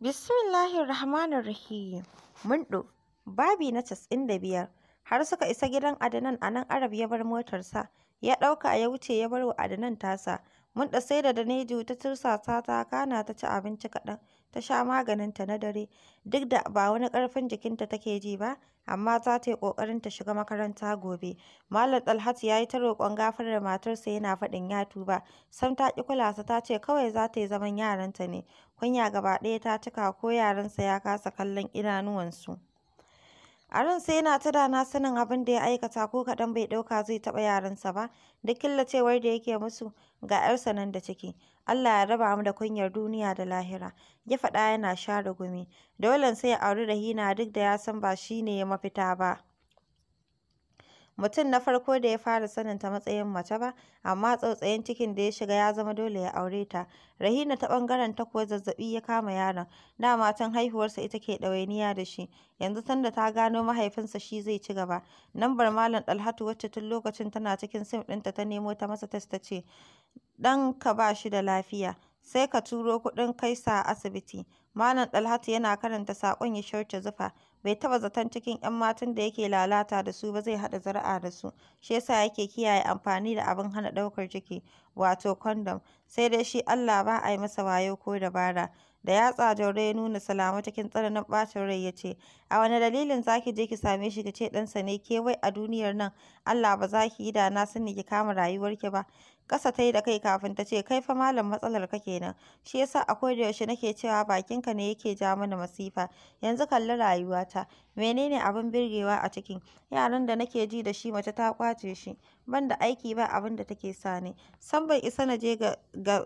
Bismillahir Rahmanir Rahim. babi na casin da biyar. Har suka isa gidan Adanan a nan Arab ya bar motarsa. Ya ɗauka ya wuce ya bar wa Adanan tasa. Munda sai da Danejo ta tursasa ta kana ta ci abinci kaɗan. Ta sha maganinta na dare. Duk da ba wani ƙarfin jikinta take ji ba, amma za ta yi ƙoƙarin ta shiga makaranta gobe. Malam alhaji ya yi ta roƙon gafarar matarsa yana faɗin ya tuba, sam ta ƙi kula sa ta ce kawai za ta yi zaman yaranta ne. Kunya gaba ɗaya ta cika ko yaransa ya kasa kallon idanuwansu. A sai yana ta da na sanin abin da ya aikata ko kaɗan bai ɗauka zai taɓa yaransa ba, duk killacewar da yake musu ga 'yarsa nan da ciki. Allah ya raba mu da kunyar duniya da lahira, ya faɗa yana share gumi. Dolen sai ya auri Rahina duk da ya san ba shi ne mafita ba. mutum na farko da ya fara sanin ta matsayin mace ba, amma tsautsayin cikin da ya shiga ya zama dole ya aure ta. Rahina ta ɓangaren ta kuwa zazzaɓi ya kama yaron, dama tun haihuwarsa ita ke ɗawainiya da shi, yanzu tunda ta gano mahaifinsa shi zai ci gaba. Lambar Malam Dalhatu wacce tun lokacin tana cikin sim ɗinta ta nemo ta masa tasta ta ce, ka ba shi da lafiya, sai ka turo kuɗin kai sa asibiti. Malam Dalhatu yana karanta saƙon ya sharce zufa. Bai taɓa zaton cikin 'yan matan da yake lalata da su ba zai haɗa zuri'a da su, shi yasa yake kiyaye amfani da abin hana ɗaukar ciki, wato kwandom. Sai dai shi Allah ba a yi masa wayo ko dabara. Da yatsa Jauro ya nuna Salama cikin tsananin ɓacin rai ya ce, A wane dalilin zaki je ki same shi ki ce ɗansa ne ke wai a duniyar nan Allah ba za ki yi da na sani ki kama rayuwarki ba. ƙasa ta yi da kai kafin ta ce kai fa malam matsalar ka kenan shi yasa a koda yaushe nake cewa bakinka ne yake ja mana masifa yanzu kalli rayuwata menene abin birgewa a cikin yaran da nake ji da shi mace ta kwace shi ban da aiki ba abin da take sa ni san ban isa na je ga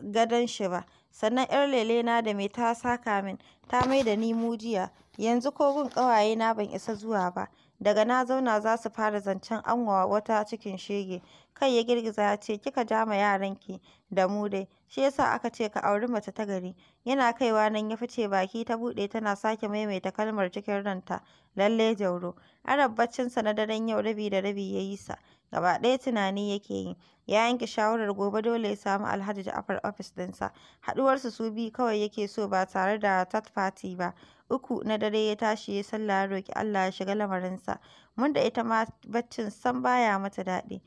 gadon shi ba sannan yar lele na da me ta saka min ta mai da ni mujiya yanzu ko gun ƙawaye na ban isa zuwa ba Daga na zauna za su fara zancen an wa wata cikin shege. Kai ya girgiza ya ce, kika ja ma yaranki da mu dai, shi ya sa aka ce ka auri mace ta gari. Yana kaiwa nan ya fice baki ta buɗe tana sake maimaita kalmar cikin ranta, lallai Jauro. Arab baccinsa na daren yau rabi da rabi ya yi sa. gaba ɗaya tunani yake yi ya yanke shawarar gobe dole ya samu Alhaji da afar ofis ɗinsa haɗuwarsu su biyu kawai yake so ba tare da third party ba uku na dare ya tashi ya sallah ya roki Allah ya shiga lamarinsa mun da ita ma baccin san baya mata daɗi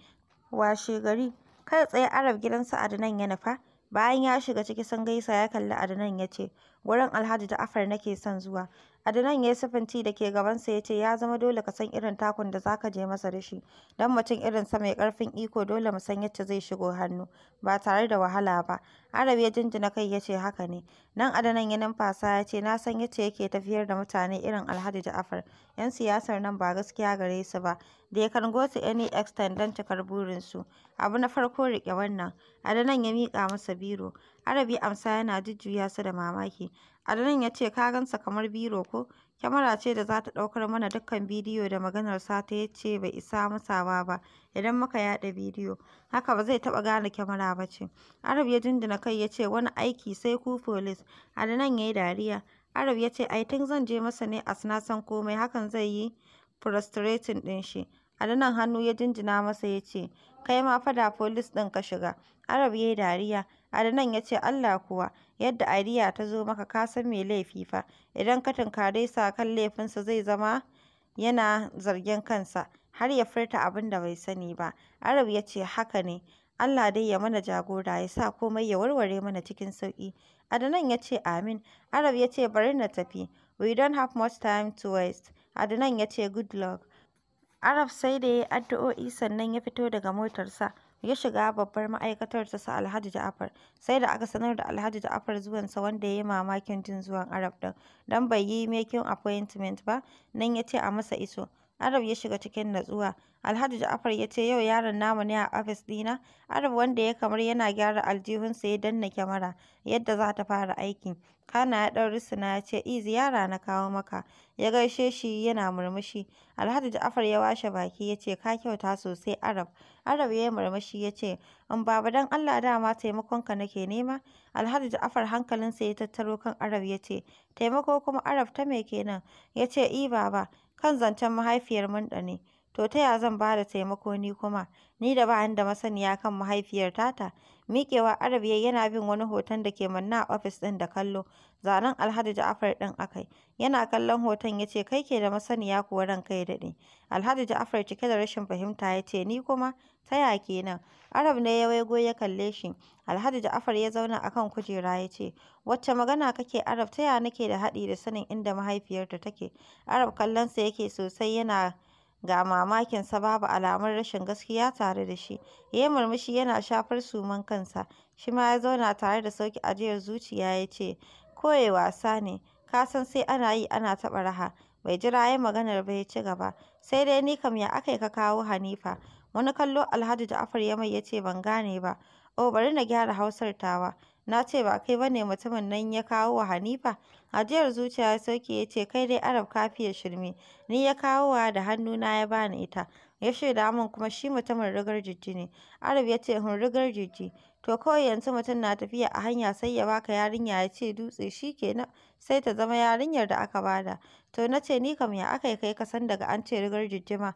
washe gari kar tsaye Arab gidan gidansa Adnan ya nafa bayan ya shiga ciki sun gaisa ya kalli Adnan ya ce wurin Alhaji da afar nake son zuwa Adnan ya yi sifanci da ke gabansa ya ce ya zama dole ka san irin takun da zaka je masa da shi. Don mutum irinsa mai karfin iko dole mu san yadda zai shigo hannu ba tare da wahala ba. arabi ya jinjina kai ya ce haka ne. Nan adanan ya numfasa ya ce na san yace yake tafiyar da mutane irin Alhaji Ja'far. 'Yan siyasar nan ba gaskiya gare su ba. da ya ya to any extent don cikar su Abu na farko rike wannan. A Adanan ya mika masa biro. harabi amsa yana jujjuya su da mamaki. Adanan ya ce ka gansa kamar biro ko? Kyamara ce da za ta ɗaukar mana dukkan bidiyo da maganar sata ya ce bai isa musawa ba idan muka yaɗa bidiyo. Haka ba zai taɓa gane kyamara ba ce. Arab ya jinjina kai ya ce wani aiki sai ku folis. Adnan ya yi dariya. Arab ya ce I think zan je masa ne as na san komai hakan zai yi frustrating ɗin shi. Adnan hannu ya jinjina masa ya ce kai ma fada folis ɗin ka shiga. Arab ya yi dariya. Adnan ya ce Allah kuwa yadda ariya ta zo maka ka san me laifi fa idan ka tunkare sa kan laifinsa zai zama yana zargin kansa har ya furta abin da bai sani ba arab ya ce haka ne Allah dai ya mana jagora ya sa komai ya warware mana cikin sauki Adnan ya ce amin Arab ya ce bari na tafi we don't have much time to waste Adnan ya ce good luck Arab sai da ya addu'o'i sannan ya fito daga motarsa ya shiga babbar ma'aikatar ta su Alhaji Ja'far sai da aka sanar da Alhaji zuwan zuwansa wanda ya yi mamakin jin zuwan Arab ɗin dan bai yi making appointment ba nan ya ce a masa iso Arab ya shiga cikin natsuwa. Alhaji Ja'afar ya ce yau yaron namu ne a ofis ɗina. Arab wanda ya kamar yana gyara aljihunsa ya danna kyamara yadda za ta fara aiki. Kana ya ɗan risina ya ce i ziyara na kawo maka. Ya gaishe shi yana murmushi. Alhaji Ja'afar ya washe baki ya ce ka kyauta sosai Arab. Arab ya yi murmushi ya ce in um, baba dan Allah dama taimakonka nake nema. Alhaji Ja'afar hankalinsa ya tattaro kan Arab ya ce taimako kuma Arab ta me kenan? Ya ce i baba kan zancen mahaifiyar Munda ne, to ta ya zan ba da taimako ni kuma, ni da ba da masaniya kan mahaifiyar tata? Miƙewa arabiya yana bin wani hoton da ke manne a ofis ɗin da kallo. Zanen Alhaji Ja'afar ɗin akai Yana kallon hoton yace kai ke da masaniya kuwa ranka ya daɗe. Alhaji Ja'afar cike da rashin fahimta yace, ni kuma ta ya kenan? Arab ne ya waigo ya kalle shi. Alhaji Ja'afar ya zauna a kan kujera yace wacce magana kake Arab ta ya nake da haɗi da sanin inda mahaifiyarta take? Arab kallon sa yake sosai yana ga mamakinsa babu alamar rashin gaskiya tare da shi. Ya murmushi yana shafar suman kansa. Shi ma ya zauna tare da sauki ajiyar zuciya yace. kawai wasa ne, ka san sai ana yi ana taɓa raha. Bai jira ya maganar ba ya ci gaba, sai dai ni kam ya aka yi ka kawo Hanifa? Wani kallo Alhaji afar ya mai ya ce ban gane ba. o bari na gyara Hausar tawa. Na ce ba kai bane mutumin nan ya kawo wa Hanifa? Ajiyar zuciya ya sauke ya ce kai dai Arab ka shirme. Ni ya kawo wa da na ya bani ita. ya shaida min kuma shi mutumin rigar jijji ne. Arab ya ce, hun rigar jijji. To kawai yanzu mutum na tafiya a hanya sai ya baka yarinya ya ce dutse shi kenan sai ta zama yarinyar da aka bada. To na ce ni kam ya aka yi kai ka san daga an ce rigar ma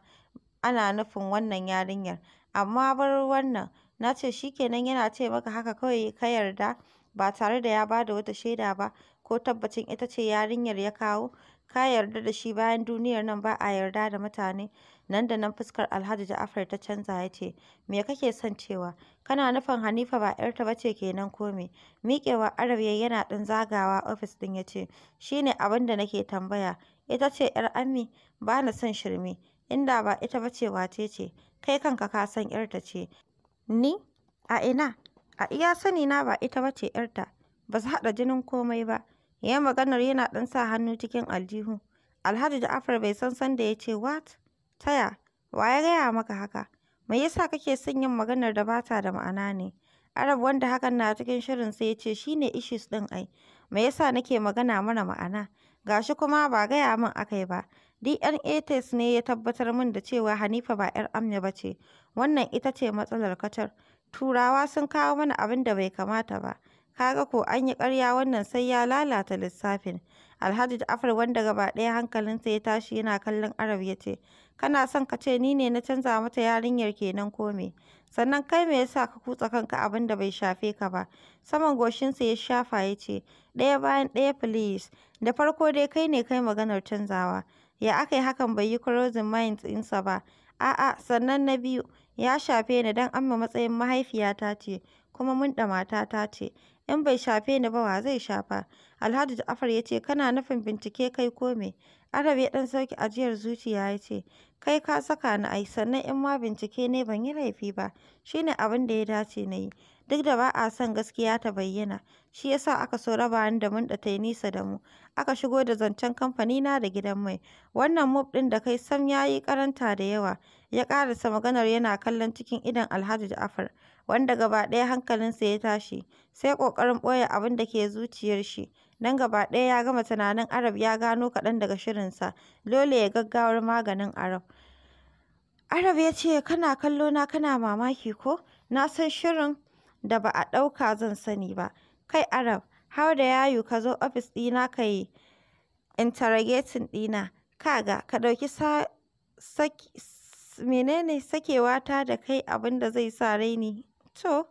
ana nufin wannan yarinyar. Amma bar wannan na ce shi kenan yana ce maka haka kawai ka yarda ba tare da ya bada wata shaida ba ko tabbacin ita ce yarinyar ya kawo. Ka yarda da shi bayan duniyar nan ba a yarda da mutane. nan da nan fuskar alhaji ja'afar ta canza ya ce me kake son cewa kana nufin hanifa ba yarta bace kenan ko me miƙewa arabe yana ɗan zagawa ofis ɗin ya ce shine abin da nake tambaya ita ce yar ammi ba na son shirme inda ba ita bace wace ce kai kanka ka san yarta ce ni a ina a iya sani na ba ita bace yarta ba su haɗa jinin komai ba ya maganar yana ɗan sa hannu cikin aljihu alhaji ja'afar bai san san da ya ce what taya Wa ya gaya maka haka? Me yasa kake son yin maganar da bata da ma'ana ne? Arab wanda hakan na cikin shirin sai ya ce shi ne issues ɗin ai. Me yasa nake magana mara ma'ana? Gashi kuma ba gaya min akai ba. DNA test ne ya tabbatar min da cewa Hanifa ba 'yar amne ba ce. Wannan ita ce matsalar kacar. Turawa sun kawo mana abin da bai kamata ba. Kaga ko an yi ƙarya wannan sai ya lalata lissafin. Alhaji afar wanda gaba ɗaya hankalinsa ya tashi yana kallon Arab ya ce, kana son ka ce ni ne na canza mata yarinyar kenan ko me sannan kai me yasa ka kutsa kanka abin da bai shafe ka ba saman goshinsa ya shafa ya ce ɗaya bayan ɗaya please da farko dai kai ne kai maganar canzawa ya aka yi hakan bai yi crossing mind ɗinsa ba a'a sannan na biyu ya shafe ni dan amma matsayin mahaifiyata ce kuma mun munɗa matata ce. In bai shafe ni ba wa zai shafa? Alhaji jafar ya ce kana nufin bincike kai ko me? Arab ya ɗan sauki ajiyar zuciya ya ce kai ka saka ni ai sannan in ma bincike ne ban yi laifi ba shine abin da ya dace na yi. Duk da ba a son gaskiya ta bayyana shi yasa aka so raba ni da mun da yi nisa da mu. Aka shigo da zancen kamfani na da gidan mai. Wannan mob ɗin da kai sam ya yi karanta da yawa. Ya ƙarasa maganar yana kallon cikin idon Alhaji jafar wanda gaba ɗaya hankalinsa ya tashi, sai ƙoƙarin ɓoye abin da ke zuciyar shi, don gaba ɗaya ya gama tunanin Arab ya gano kaɗan daga shirinsa, dole ya gaggawar maganin Arab. Arab ya ce, kana kallo na kana mamaki ko? Na san shirin da ba a ɗauka zan sani ba. Kai Arab, har da yayu ka zo ofis ɗina ka yi interrogating ɗina. Kaga, ka ɗauki menene sakewa ta da kai abin da zai sa raini To,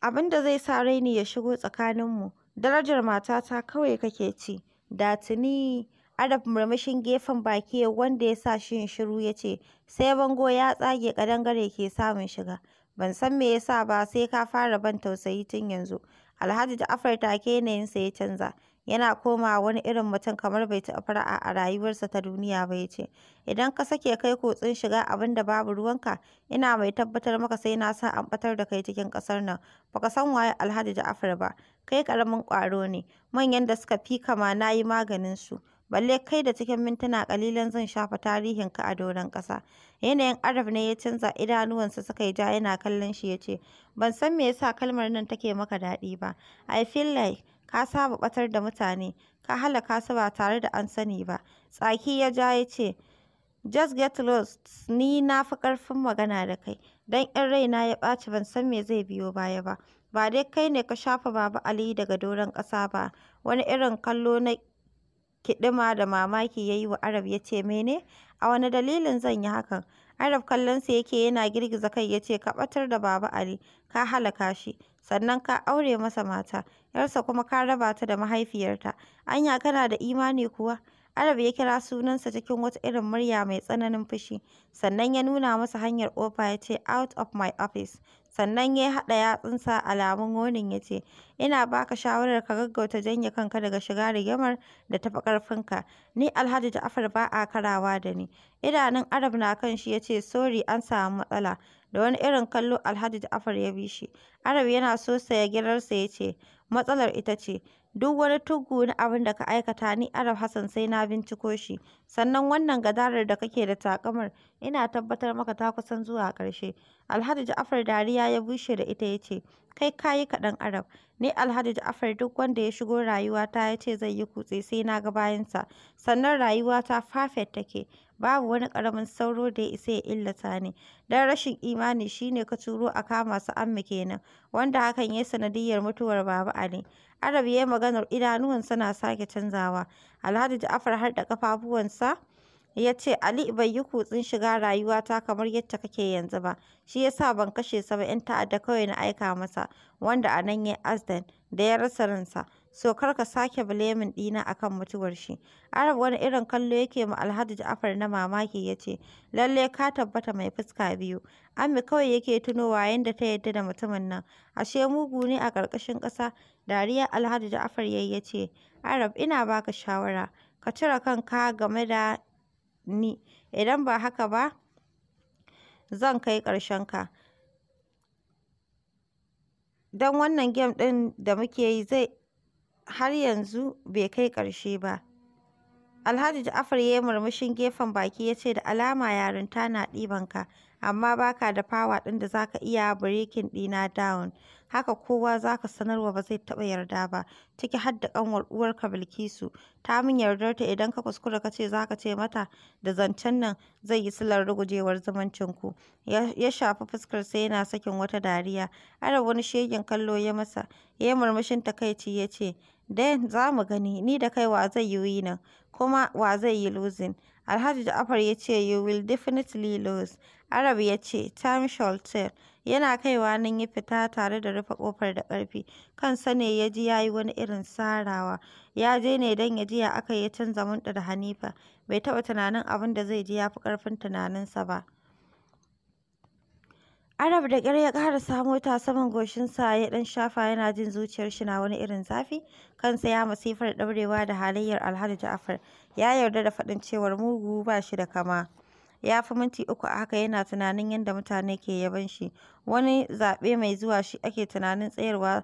abin da zai sa raini ya shigo tsakaninmu, darajar matata kawai kake ci, da tuni… Adaf murmushin gefen baki wanda ya sa shi shiru ya ce, sai bango ya tsage ƙadangare ke samun shiga. Ban san me yasa ba sai ka fara ban tausayi tun yanzu. Alhaji Ja'afar take sai ya canza. yana komawa wani irin mutum kamar bai taɓa fara'a a rayuwarsa ta duniya ba ya ce, Idan ka sake kai kotsin shiga abin da babu ruwanka, ina mai tabbatar maka sai na sa an ɓatar da kai cikin ƙasar nan, baka san waye Alhaji Ja'afar ba, kai ƙaramin ƙwaro ne, manyan da suka fi kama na yi maganin su. balle kai da cikin mintuna kalilan zan shafa tarihin ka a doron ƙasa yanayin arab ne ya canza idanuwansa suka yi ja yana kallon shi ya ce ban san me yasa kalmar nan take maka daɗi ba i feel like ka saba batar da mutane, ka halaka su ba tare da an sani ba. Tsaki ya ja ya ce, Just get lost, ni na fi karfin magana da kai, don in raina ya ɓaci ban san me zai biyo baya ba. Ba dai kai ne ka shafa Baba Ali daga doron ƙasa ba, wani irin kallo na kiɗima da mamaki ya yi wa Arab ya ce mene, a wani dalilin zan yi hakan? Arab kallonsa yake yana girgiza kai yace Ka ɓatar da Baba Ali, ka halaka shi, sannan ka aure masa mata, ‘yarsa kuma ka raba ta da mahaifiyarta, anya kana da imani kuwa? Arab ya kira sunansa cikin wata irin murya mai tsananin fushi, sannan ya nuna masa hanyar ofa yace ce, Out of my office, Sannan ya haɗa yatsunsa alamun gonin ya ce, "Ina ba ka shawarar ka gaggauta janye kanka daga shiga rigimar da ta fi ƙarfinka. Ni Alhaji Ja'afar ba a karawa da ni." Idanun Arab na kan shi ya ce, "Sorry, an samu matsala." Da wani irin kallo Alhaji Ja'afar ya bi shi. Arab yana so ya girarsa ya ce, Matsalar ita ce, duk wani tuggu na abin da ka aikata ni Arab Hassan sai na binciko shi, sannan wannan gadarar da kake da takamar? ina tabbatar maka ta kusan zuwa ƙarshe. Alhaji Ja'afar dariya ya bushe da ita ya ce, kai ka yi kaɗan Arab, ni Alhaji jafar duk wanda ya shigo rayuwata ya ce zai yi kutse sai na ga bayansa, sannan rayuwa rayuwata perfect take. babu wani ƙaramin sauro da ya isa ya illata ni. Don rashin imani shine ka turo a kama su Amma kenan, wanda hakan ya yi sanadiyyar mutuwar Baba Ali. Arab ya yi maganar idanuwansa na sake canzawa. Alhaji Ja'afar har da kafafuwansa ya ce Ali bai yi kutsin shiga rayuwata kamar yadda kake yanzu ba. Shi ya sa ban kashe sa ba 'yan ta'adda kawai na aika masa, wanda a nan ya yi azdan da ya rasa ransa. so kar ka sake blaming dina akan mutuwar shi. Arab wani irin kallo yake ma Alhaji Ja'far na mamaki yace ce, lalle ka tabbata mai fuska biyu. Ami kawai yake tunowa yanda ta yadda da mutumin nan, ashe mugu ne a ƙarƙashin ƙasa, dariya Alhaji Ja'far yayi yace Arab ina baka shawara, ka cire kanka game da ni, idan ba haka ba zan kai ƙarshen ka. dan wannan game din da muke yi zai har yanzu bai kai ƙarshe ba. Alhaji Ja'afar ya yi murmushin gefen baki ya ce da alama yarinta na ɗiban ka, amma baka da fawa ɗin da za ka iya birikin ɗina down. Haka kowa za ka sanarwa ba zai taɓa yarda ba, ciki har da ƙanwar uwarka Bilkisu. Ta min yardar ta idan ka kuskura ka ce za ka ce mata da zancen nan zai yi silar rugujewar zumuncinku. Ya shafi fuskar sai yana sakin wata dariya. Ara wani shegen kallo ya masa, ya yi murmushin takaici ya ce, Den za mu gani, ni da kai wa zai yi winning kuma wa zai yi losing. Alhaji Ja'afar ya ce you will definitely lose. Arab ya ce time shall tell. Yana kaiwa nan ya fita tare da rufe ƙofar da ƙarfi. Kansa ne ya ji ya yi wani irin sarawa. Ya je ne don ya ji ya aka yi canza munɗa da Hanifa. Bai taɓa tunanin abin da zai ji ya fi ƙarfin tunaninsa ba. Arab da ƙyar ya ƙara samo ta saman goshinsa ya ɗan shafa yana jin zuciyar shi na wani irin zafi kansa ya masifar ɗaurewa da halayyar Alhaji Ja'far ya yarda da faɗin cewar mugu ba shi da kama ya fi minti uku a haka yana tunanin yadda mutane ke yaban shi wani zaɓe mai zuwa shi ake tunanin tsayarwa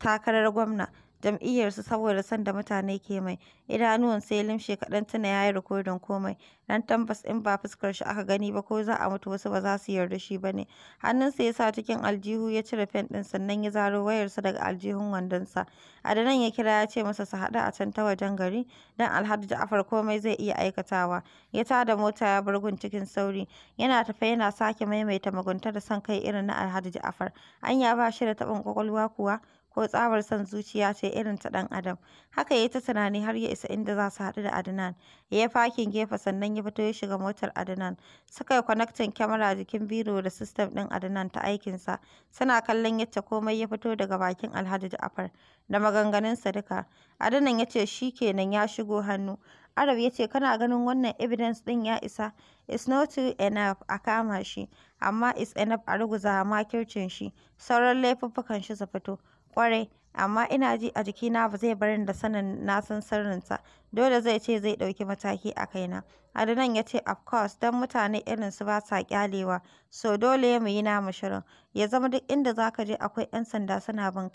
takarar gwamna jam'iyyarsu saboda son da mutane ke mai. idanuwan ya limshe kaɗan tuna ya yi rikodin komai. Dan tambas in ba fuskar shi aka gani ba ko za a mutu wasu ba za su yarda shi ba ne. Hannunsa ya sa cikin aljihu ya cire fen ɗin sannan ya zaro wayarsa daga aljihun wandonsa. Adanan ya kira ya ce masa su haɗu a can ta wajen gari don Alhaji Ja'afar komai zai iya aikatawa. Ya da mota ya bar gun cikin sauri. Yana tafe yana sake maimaita mugunta da son kai irin na Alhaji Ja'afar. Anya ba shi da taɓin kwakwalwa kuwa? ko tsabar son zuciya ce irin ta ɗan adam haka yayi ta tunani har ya isa inda za su haɗu da Adnan ya yi fakin gefe sannan ya fito ya shiga motar Adnan suka yi connecting kyamara jikin biro da system ɗin Adnan ta aikin sa suna kallon yadda komai ya fito daga bakin Alhaji Ja'far da maganganunsa duka Adnan ya ce shi kenan ya shigo hannu Arab ya ce kana ganin wannan evidence ɗin ya isa it's not enough a kama shi amma it's enough a ruguza makircin shi sauran laifuffukan shi su fito kwarai amma ina ji a jikina ba zai bar da sanin na san sirrinsa, dole zai ce zai ɗauki mataki a kaina. Adnan ya ce of course don mutane irin su ba sa kyalewa so dole mu yi namu shirin. Ya zama duk inda za ka je akwai 'yan sanda suna bin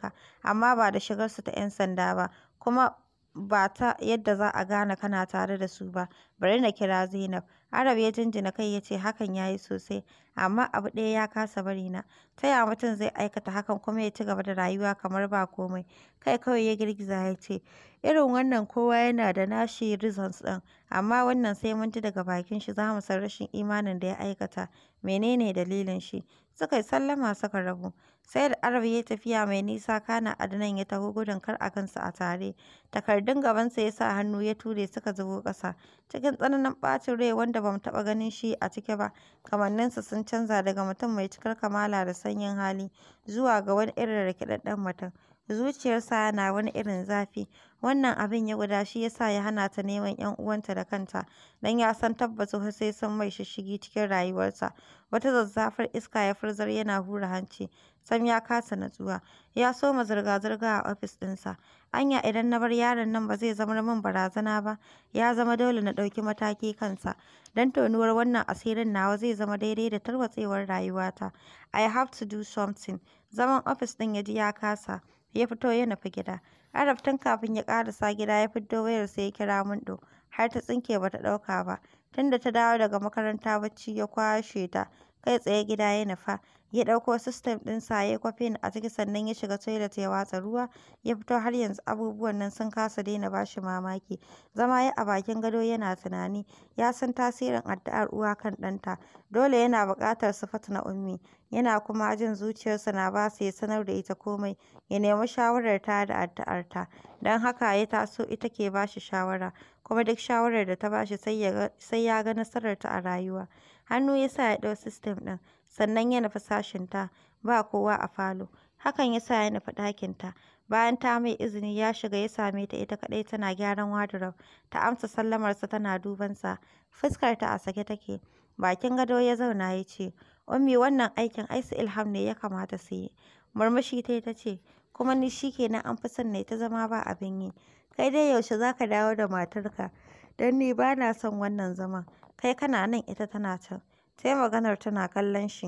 amma ba da shigar su ta 'yan sanda ba, kuma ba ta yadda za a gane kana tare da su ba. Bari na kira Zainab. Arab ya jinjina kai ya ce hakan ya yi sosai, amma abu ɗaya ya kasa bari na. Ta ya mutum zai aikata hakan kuma ya ci gaba da rayuwa kamar ba komai? Kai kawai ya girgiza ya ce, irin wannan kowa yana da nashi reasons ɗin, amma wannan sai mun ji daga bakin shi za mu san rashin imanin da ya aikata, menene dalilin shi. Suka yi sallama suka rabu. Sai da Arab ya tafiya mai nisa kana Adnan ya taho gudun kar a kansa a tare. Takardun gabansa ya sa hannu ya ture suka zubo ƙasa. Cikin tsananin ɓacin rai wanda bamu taɓa ganin shi a cike ba, kamanninsa sun canza daga mutum mai cikar kamala da sanyin hali zuwa ga wani irin rikidadden mutum. Zuciyarsa na wani irin zafi. Wannan abin ya guda shi ya sa ya hana ta neman 'yan uwanta da kanta, Dan ya san tabbas wasu sai sun mai shishigi cikin rayuwarta. Wata zazzafar iska ya furzar yana hura hanci. Sam ya kasa natsuwa. Ya soma zirga-zirga a ofis ɗinsa. Anya idan na bar yaron nan ba zai zamar min barazana ba, ya zama dole na ɗauki mataki kansa. Don tonuwar wannan asirin nawa zai zama daidai da tarwatsewar rayuwata. I have to do something. Zaman ofis ɗin ya ji ya kasa. ya fito ya nufi gida. Arab kafin ya ƙarasa gida ya wayar sai ya kira Mundo, har ta tsinke ba ta ɗauka ba. tun da ta dawo daga makaranta bacci ya kwashe ta, kai tsaye gida ya nufa. Ya ɗauko sistem ɗin ya yi kwafin a ciki sannan ya shiga toilet ya watsa ruwa. Ya fito har yanzu abubuwan nan sun kasa daina bashi mamaki. Zama ya a bakin gado yana tunani. Ya san tasirin addu'ar uwa kan ɗanta. Dole yana buƙatar sifat na ummi. Yana kuma jin zuciyarsa na ba su ya sanar da ita komai. Ya nemi shawarar ta da addu'ar ta Don haka ya taso ita ke bashi shawara. Kuma duk shawarar da ta ba shi sai ya ga nasararta a rayuwa. Hannu ya sa ya ɗau sistim ɗin, sannan ya nufi sashinta, ba kowa a falo. Hakan ya sa ya nufi ɗakinta. Bayan ta mai izini, ya shiga ya same ta ita kaɗai tana gyaran wardrobe. Ta amsa sallamarsa tana dubansa. Fuskarta a sake take. Bakin gado ya zauna ya ce, Ummi wannan aikin ai su Ilham ne ya kamata su yi. Murmushi ta ta ce, kuma ni shi kenan an fi son ne ta zama ba abin yi. Kai dai yaushe za ka dawo da matarka? Don ni ba na son wannan zaman. Kai kana nan ita tana can, sai maganar tana kallon shi.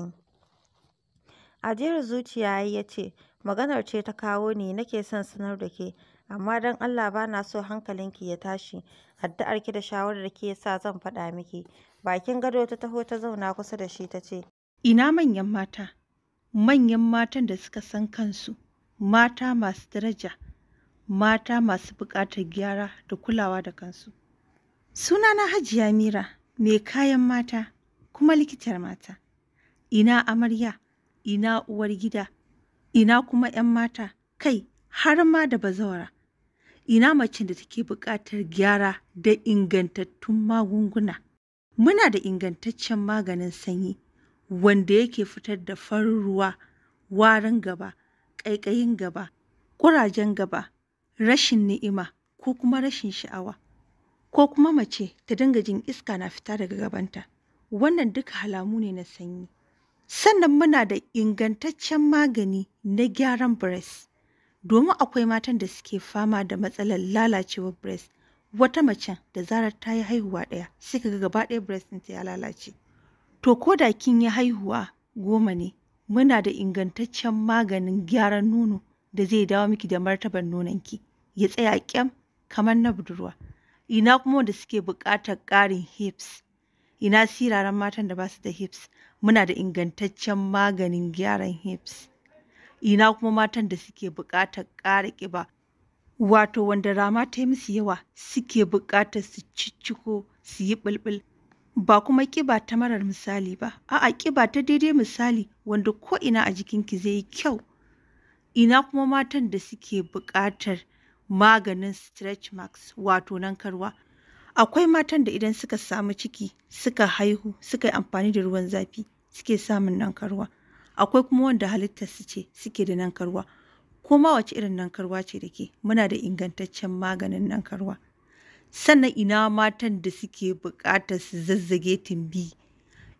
Ajiyar zuciya ya yi ce, maganar ce ta kawo ni nake son sanar da ke, amma don Allah ba na so hankalinki ya tashi, addu'ar ki da ki ya sa zan faɗa miki. Bakin gado ta taho ta zauna kusa da shi ta ce, Ina manyan mata, manyan matan da suka san kansu, mata masu daraja, mata masu buƙatar gyara da kulawa da kansu. Sunana Hajiya Mira. mai kayan mata kuma likitar mata. Ina amarya, ina uwar gida, ina kuma ‘yan mata, kai har ma da bazawara. Ina macen da take buƙatar gyara da ingantattun magunguna. Muna da ingantaccen maganin sanyi wanda yake fitar da farin ruwa, warin gaba, ƙaiƙayin gaba, ƙurajen gaba, rashin ni'ima ko kuma rashin sha'awa. ko kuma mace ta dinga jin iska na fita daga gabanta wannan duka halamu ne na sanyi sannan muna da ingantaccen magani na gyaran breast domin akwai matan da suke fama da matsalar lalacewar breast wata macen da zarar ta yi haihuwa ɗaya sai ka ga gaba ɗaya breast ɗinta ya lalace to ko da kin yi haihuwa goma ne muna da ingantaccen maganin gyaran nono da zai dawo miki da martabar nononki ya tsaya kyam kamar na budurwa ina kuma wanda suke buƙatar ƙarin hips ina siraran matan da ba su da hips muna da ingantaccen maganin gyaran hips ina kuma matan da suke buƙatar ƙara ƙiba wato wanda rama ta yi musu yawa suke buƙatar su cicciko su yi ɓulɓul ba kuma ƙiba ta marar misali ba a'a ƙiba ta daidai misali wanda ko ina a jikinki zai yi kyau ina kuma matan da suke buƙatar maganin stretch marks wato nankarwa. Akwai matan da idan suka samu ciki, suka haihu, suka yi amfani da ruwan zafi suke samun nankarwa. Akwai kuma wanda su ce suke da nankarwa. Koma wace irin nankarwa ce da ke, muna da ingantaccen maganin nankarwa. Sannan ina matan da suke buƙatar su zazzage tumbi,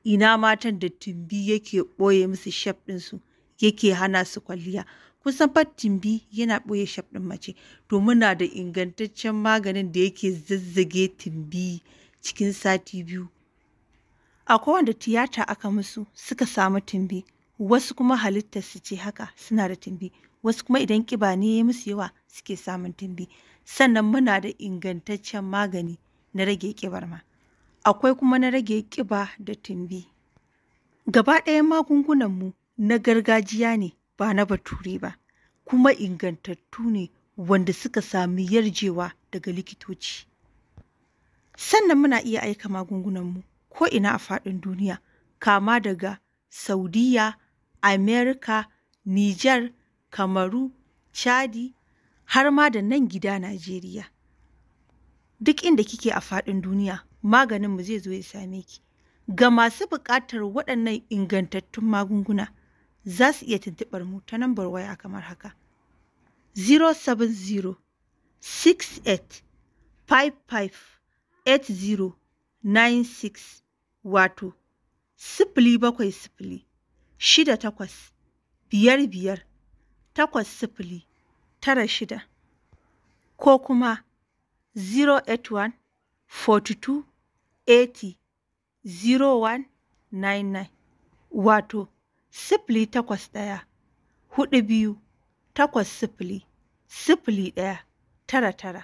ina matan da tumbi yake ɓoye musu shef ɗinsu, yake hana su kwalliya. Kusan san yana ɓoye shaf ɗin mace to muna da ingantaccen maganin da yake zazzage timbi cikin sati biyu A kowanda tiyata aka musu suka samu timbi wasu kuma halittar su ce haka suna da timbi wasu kuma idan kiba ne ya musu yawa suke samun timbi sannan muna da ingantaccen magani na rage kibar ma akwai kuma na rage kiba da timbi gaba ɗayan magungunanmu na gargajiya ne ba na bature ba kuma ingantattu ne wanda suka sami yarjewa daga likitoci. Sannan muna iya aika magungunanmu ko ina a faɗin duniya kama daga Saudiya, Amerika, Nijar, Kamaru, Chadi har ma da nan gida Najeriya. Duk inda kike a faɗin duniya maganinmu zai zo ya same ki. Ga masu buƙatar waɗannan ingantattun magunguna. za su iya tuntubar mu ta nambar waya kamar haka 070 68 55 80 96 wato sifili bakwai sifili shida takwas biyar biyar takwas sifili tara shida ko kuma 081 42 80 0199 wato sifili takwas ɗaya huɗu biyu takwas sifili sifili ɗaya tara tara